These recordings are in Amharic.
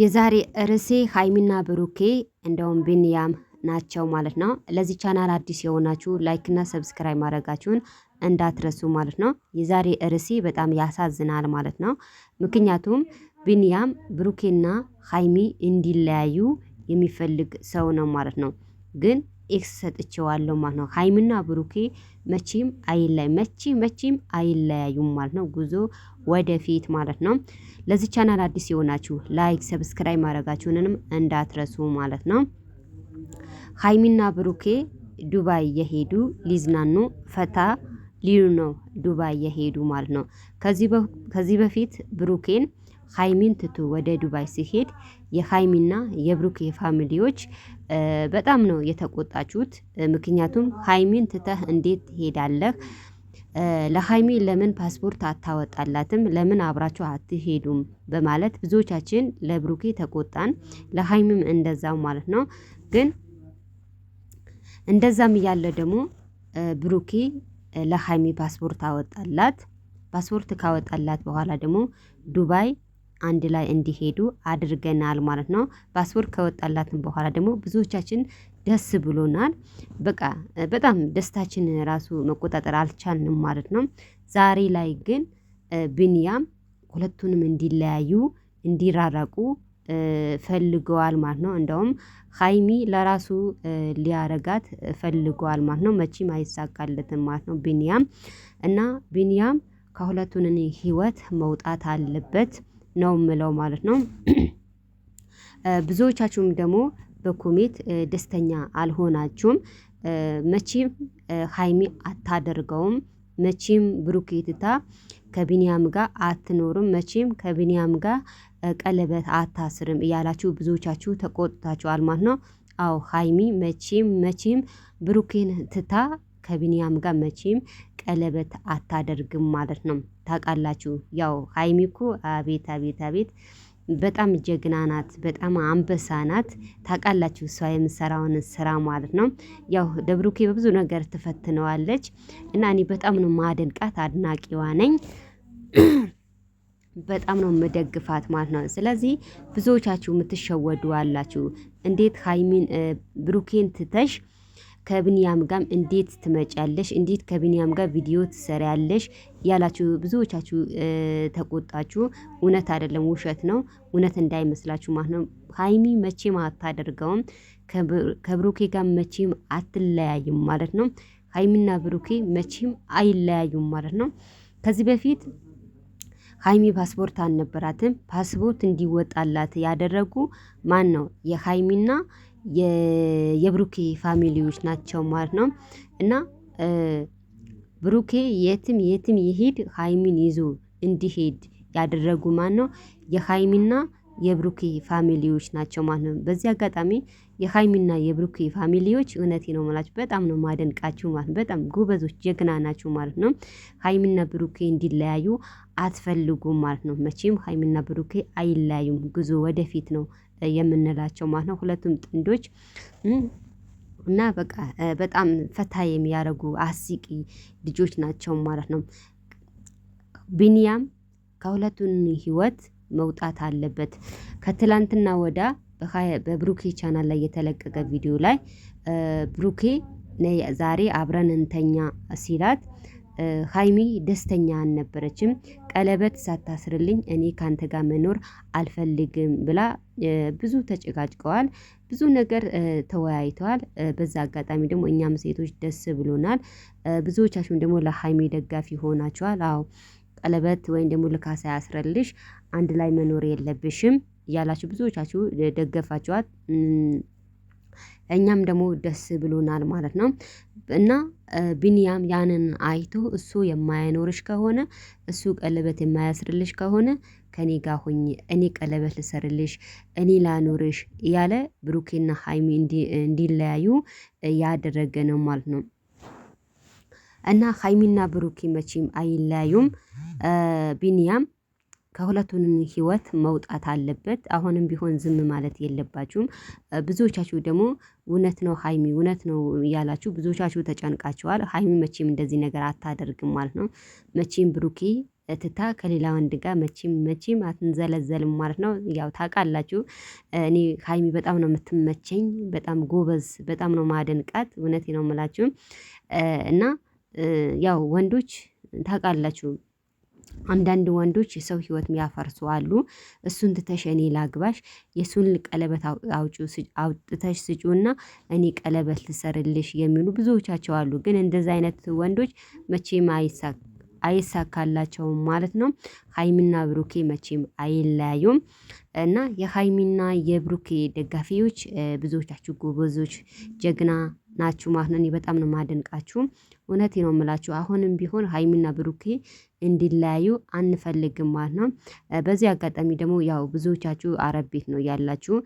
የዛሬ ርዕሴ ሀይሚና ብሩኬ እንደውም ቢንያም ናቸው ማለት ነው። ለዚህ ቻናል አዲስ የሆናችሁ ላይክና ሰብስክራይብ ማድረጋችሁን እንዳትረሱ ማለት ነው። የዛሬ ርዕሴ በጣም ያሳዝናል ማለት ነው። ምክንያቱም ቢንያም ብሩኬና ሀይሚ እንዲለያዩ የሚፈልግ ሰው ነው ማለት ነው። ግን ኤክስ ሰጥቼዋለሁ ማለት ነው። ሀይሚና ብሩኬ መቼም አይለያዩ መቼም መቼም አይለያዩም ማለት ነው። ጉዞ ወደፊት ማለት ነው። ለዚህ ቻናል አዲስ የሆናችሁ ላይክ፣ ሰብስክራይብ ማድረጋችሁንም እንዳትረሱ ማለት ነው። ሀይሚና ብሩኬ ዱባይ የሄዱ ሊዝናኑ ፈታ ሊሉ ነው። ዱባይ የሄዱ ማለት ነው። ከዚህ በፊት ብሩኬን ሀይሚን ትቶ ወደ ዱባይ ሲሄድ የሀይሚና የብሩኬ ፋሚሊዎች በጣም ነው የተቆጣችሁት። ምክንያቱም ሀይሚን ትተህ እንዴት ትሄዳለህ? ለሀይሚ ለምን ፓስፖርት አታወጣላትም? ለምን አብራችሁ አትሄዱም? በማለት ብዙዎቻችን ለብሩኬ ተቆጣን፣ ለሀይሚም እንደዛው ማለት ነው። ግን እንደዛም እያለ ደግሞ ብሩኬ ለሀይሚ ፓስፖርት አወጣላት። ፓስፖርት ካወጣላት በኋላ ደግሞ ዱባይ አንድ ላይ እንዲሄዱ አድርገናል ማለት ነው። ፓስፖርት ከወጣላትም በኋላ ደግሞ ብዙዎቻችን ደስ ብሎናል። በቃ በጣም ደስታችን ራሱ መቆጣጠር አልቻልንም ማለት ነው። ዛሬ ላይ ግን ቢንያም ሁለቱንም እንዲለያዩ እንዲራራቁ ፈልገዋል ማለት ነው። እንደውም ሀይሚ ለራሱ ሊያረጋት ፈልገዋል ማለት ነው። መቼም አይሳካለትም ማለት ነው። ብንያም እና ብንያም ከሁለቱን እኔ ህይወት መውጣት አለበት ነው ምለው ማለት ነው። ብዙዎቻችሁም ደግሞ በኩሜት ደስተኛ አልሆናችሁም። መቼም ሀይሚ አታደርገውም። መቼም ብሩኬትታ ትታ ከቢንያም ጋር አትኖርም። መቼም ከቢንያም ጋር ቀለበት አታስርም እያላችሁ ብዙዎቻችሁ ተቆጥታችኋል ማለት ነው። አዎ ሀይሚ መቼም መቼም ብሩኬን ትታ ከቢንያም ጋር መቼም ቀለበት አታደርግም ማለት ነው። ታውቃላችሁ ያው ሀይሚ እኮ አቤት አቤት አቤት በጣም ጀግና ናት። በጣም አንበሳ ናት። ታውቃላችሁ እሷ የምሰራውን ስራ ማለት ነው። ያው ደብሩኬ በብዙ ነገር ትፈትነዋለች እና እኔ በጣም ነው ማደንቃት፣ አድናቂዋ ነኝ። በጣም ነው መደግፋት ማለት ነው። ስለዚህ ብዙዎቻችሁ የምትሸወዱ አላችሁ። እንዴት ሀይሚን ብሩኬን ትተሽ ከብንያም ጋም እንዴት ትመጫለሽ? እንዴት ከብንያም ጋር ቪዲዮ ትሰሪያለሽ? ያላችሁ ብዙዎቻችሁ ተቆጣችሁ። እውነት አይደለም፣ ውሸት ነው። እውነት እንዳይመስላችሁ ማለት ነው። ሀይሚ መቼም አታደርገውም። ከብሩኬ ጋር መቼም አትለያይም ማለት ነው። ሀይሚና ብሩኬ መቼም አይለያዩም ማለት ነው። ከዚህ በፊት ሀይሚ ፓስፖርት አልነበራትም። ፓስፖርት እንዲወጣላት ያደረጉ ማን ነው? የሀይሚና የብሩኬ ፋሚሊዎች ናቸው ማለት ነው። እና ብሩኬ የትም የትም ይሄድ ሀይሚን ይዞ እንዲሄድ ያደረጉ ማን ነው? የሀይሚና የብሩኬ ፋሚሊዎች ናቸው ማለት ነው። በዚህ አጋጣሚ የሀይሚና የብሩኬ ፋሚሊዎች እውነቴ ነው ማለት በጣም ነው ማደንቃችሁ ማለት ነው። በጣም ጎበዞች ጀግና ናችሁ ማለት ነው። ሀይሚና ብሩኬ እንዲለያዩ አትፈልጉም ማለት ነው። መቼም ሀይሚና ብሩኬ አይለያዩም። ጉዞ ወደፊት ነው የምንላቸው ማለት ነው። ሁለቱም ጥንዶች እና በቃ በጣም ፈታ የሚያደርጉ አስቂ ልጆች ናቸው ማለት ነው። ቢንያም ከሁለቱን ህይወት መውጣት አለበት። ከትላንትና ወዳ በብሩኬ ቻናል ላይ የተለቀቀ ቪዲዮ ላይ ብሩኬ ዛሬ አብረን እንተኛ ሲላት ሀይሚ ደስተኛ አልነበረችም። ቀለበት ሳታስርልኝ እኔ ከአንተ ጋር መኖር አልፈልግም ብላ ብዙ ተጨቃጭቀዋል። ብዙ ነገር ተወያይተዋል። በዛ አጋጣሚ ደግሞ እኛም ሴቶች ደስ ብሎናል። ብዙዎቻችሁም ደግሞ ለሀይሚ ደጋፊ ሆናችኋል። አዎ ቀለበት ወይም ደግሞ ልካ ሳያስረልሽ አንድ ላይ መኖር የለብሽም እያላችሁ ብዙዎቻችሁ ደገፋችኋት። እኛም ደግሞ ደስ ብሎናል ማለት ነው። እና ቢንያም ያንን አይቶ እሱ የማያኖርሽ ከሆነ እሱ ቀለበት የማያስርልሽ ከሆነ ከኔ ጋር ሆኜ እኔ ቀለበት ልሰርልሽ፣ እኔ ላኖርሽ እያለ ብሩኬና ሀይሚ እንዲለያዩ ያደረገ ነው ማለት ነው። እና ሀይሚና ብሩኬ መቼም አይለያዩም። ቢንያም ከሁለቱንም ህይወት መውጣት አለበት። አሁንም ቢሆን ዝም ማለት የለባችሁም። ብዙዎቻችሁ ደግሞ እውነት ነው ሀይሚ እውነት ነው እያላችሁ ብዙዎቻችሁ ተጨንቃችኋል። ሀይሚ መቼም እንደዚህ ነገር አታደርግም ማለት ነው። መቼም ብሩኬ እትታ ከሌላ ወንድ ጋር መቼም መቼም አትንዘለዘልም ማለት ነው። ያው ታውቃላችሁ እኔ ሀይሚ በጣም ነው የምትመቸኝ። በጣም ጎበዝ፣ በጣም ነው ማደንቃት። እውነቴ ነው የምላችሁ እና ያው ወንዶች ታውቃላችሁ አንዳንድ ወንዶች የሰው ህይወት የሚያፈርሱ አሉ። እሱን ትተሽ እኔ ላግባሽ የሱን ቀለበት አውጪው አውጥተሽ ስጪውና እኔ ቀለበት ልሰርልሽ የሚሉ ብዙዎቻቸው አሉ። ግን እንደዚ አይነት ወንዶች መቼም አይሳካላቸውም ማለት ነው። ሀይሚና ብሩኬ መቼም አይለያዩም። እና የሀይሚና የብሩኬ ደጋፊዎች ብዙዎቻችሁ ጎበዞች ጀግና ናችሁ ማለት ነው። እኔ በጣም ነው ማደንቃችሁ እውነቴ ነው የምላችሁ አሁንም ቢሆን ሀይሚና ብሩኬ እንዲለያዩ አንፈልግም ማለት ነው። በዚህ አጋጣሚ ደግሞ ያው ብዙዎቻችሁ አረብ ቤት ነው ያላችሁ።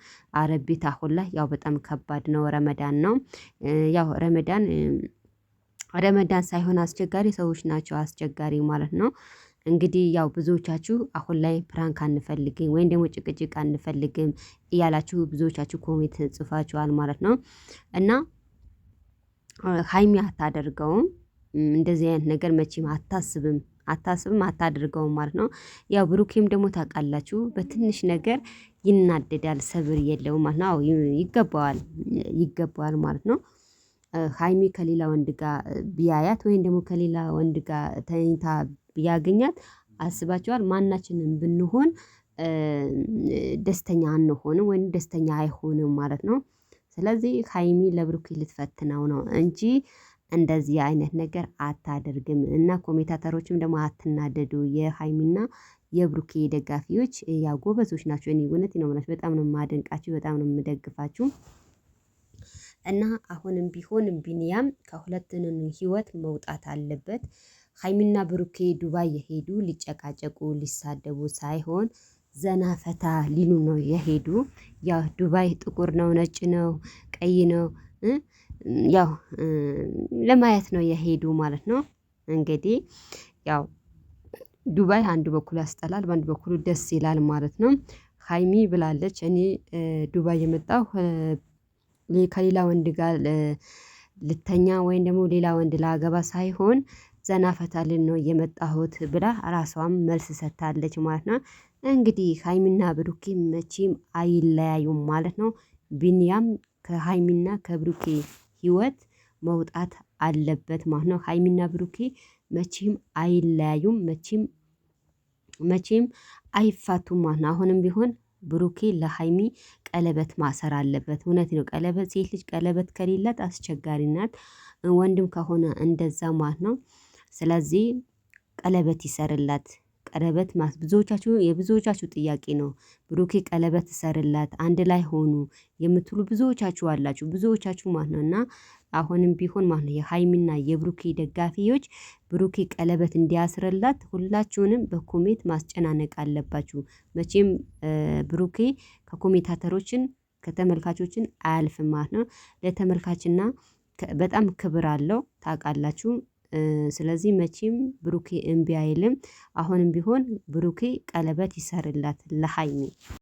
አረብ ቤት አሁን ላይ ያው በጣም ከባድ ነው። ረመዳን ነው ያው ረመዳን ረመዳን ሳይሆን አስቸጋሪ ሰዎች ናቸው አስቸጋሪ ማለት ነው። እንግዲህ ያው ብዙዎቻችሁ አሁን ላይ ፕራንክ አንፈልግም ወይም ደግሞ ጭቅጭቅ አንፈልግም እያላችሁ ብዙዎቻችሁ ኮሜንት ጽፋችኋል ማለት ነው እና ሀይሚ አታደርገውም እንደዚህ አይነት ነገር መቼም አታስብም አታስብም አታደርገውም ማለት ነው። ያው ብሩኬም ደግሞ ታውቃላችሁ በትንሽ ነገር ይናደዳል፣ ሰብር የለውም ማለት ነው። ይገባዋል ይገባዋል ማለት ነው። ሀይሚ ከሌላ ወንድ ጋር ቢያያት ወይም ደግሞ ከሌላ ወንድ ጋር ተኝታ ቢያገኛት አስባችኋል? ማናችንም ብንሆን ደስተኛ አንሆንም ወይም ደስተኛ አይሆንም ማለት ነው። ስለዚህ ሃይሚ ለብሩኬ ልትፈትነው ነው እንጂ እንደዚህ አይነት ነገር አታደርግም። እና ኮሜታተሮችም ደግሞ አትናደዱ። የሃይሚና የብሩኬ ደጋፊዎች ያው ጎበዞች ናቸው። እኔ እውነት ነው የምላችሁ በጣም ነው የማደንቃችሁ፣ በጣም ነው የምደግፋችሁ። እና አሁንም ቢሆን ቢንያም ከሁለቱንም ህይወት መውጣት አለበት። ሃይሚና ብሩኬ ዱባይ የሄዱ ሊጨቃጨቁ ሊሳደቡ ሳይሆን ዘና ፈታ ሊሉ ነው የሄዱ ያው ዱባይ ጥቁር ነው ነጭ ነው ቀይ ነው። ያው ለማየት ነው የሄዱ ማለት ነው። እንግዲህ ያው ዱባይ አንድ በኩል ያስጠላል በአንድ በኩል ደስ ይላል ማለት ነው። ሀይሚ ብላለች እኔ ዱባይ የመጣው ከሌላ ወንድ ጋር ልተኛ ወይም ደግሞ ሌላ ወንድ ላገባ ሳይሆን ዘና ፈታልን ነው የመጣሁት ብላ ራሷም መልስ ሰጥታለች ማለት ነው። እንግዲህ ሀይሚና ብሩኬ መቼም አይለያዩም ማለት ነው። ቢንያም ከሀይሚና ከብሩኬ ህይወት መውጣት አለበት ማለት ነው። ሀይሚና ብሩኬ መቼም አይለያዩም መቼም መቼም አይፋቱም ማለት ነው። አሁንም ቢሆን ብሩኬ ለሀይሚ ቀለበት ማሰር አለበት። እውነት ነው ቀለበት ሴት ልጅ ቀለበት ከሌላት አስቸጋሪ ናት። ወንድም ከሆነ እንደዛ ማለት ነው ስለዚህ ቀለበት ይሰርላት ቀለበት ብዙዎቻችሁ የብዙዎቻችሁ ጥያቄ ነው። ብሩኬ ቀለበት ይሰርላት አንድ ላይ ሆኑ የምትሉ ብዙዎቻችሁ አላችሁ ብዙዎቻችሁ ማለት ነው። እና አሁንም ቢሆን ማለት ነው የሀይሚና የብሩኬ ደጋፊዎች ብሩኬ ቀለበት እንዲያስርላት ሁላችሁንም በኮሜት ማስጨናነቅ አለባችሁ። መቼም ብሩኬ ከኮሜታተሮችን ከተመልካቾችን አያልፍም ማለት ነው። ለተመልካችና በጣም ክብር አለው ታውቃላችሁ። ስለዚህ መቼም ብሩኬ እምቢ አይልም። አሁንም ቢሆን ብሩኬ ቀለበት ይሰርላት ለሃይሚ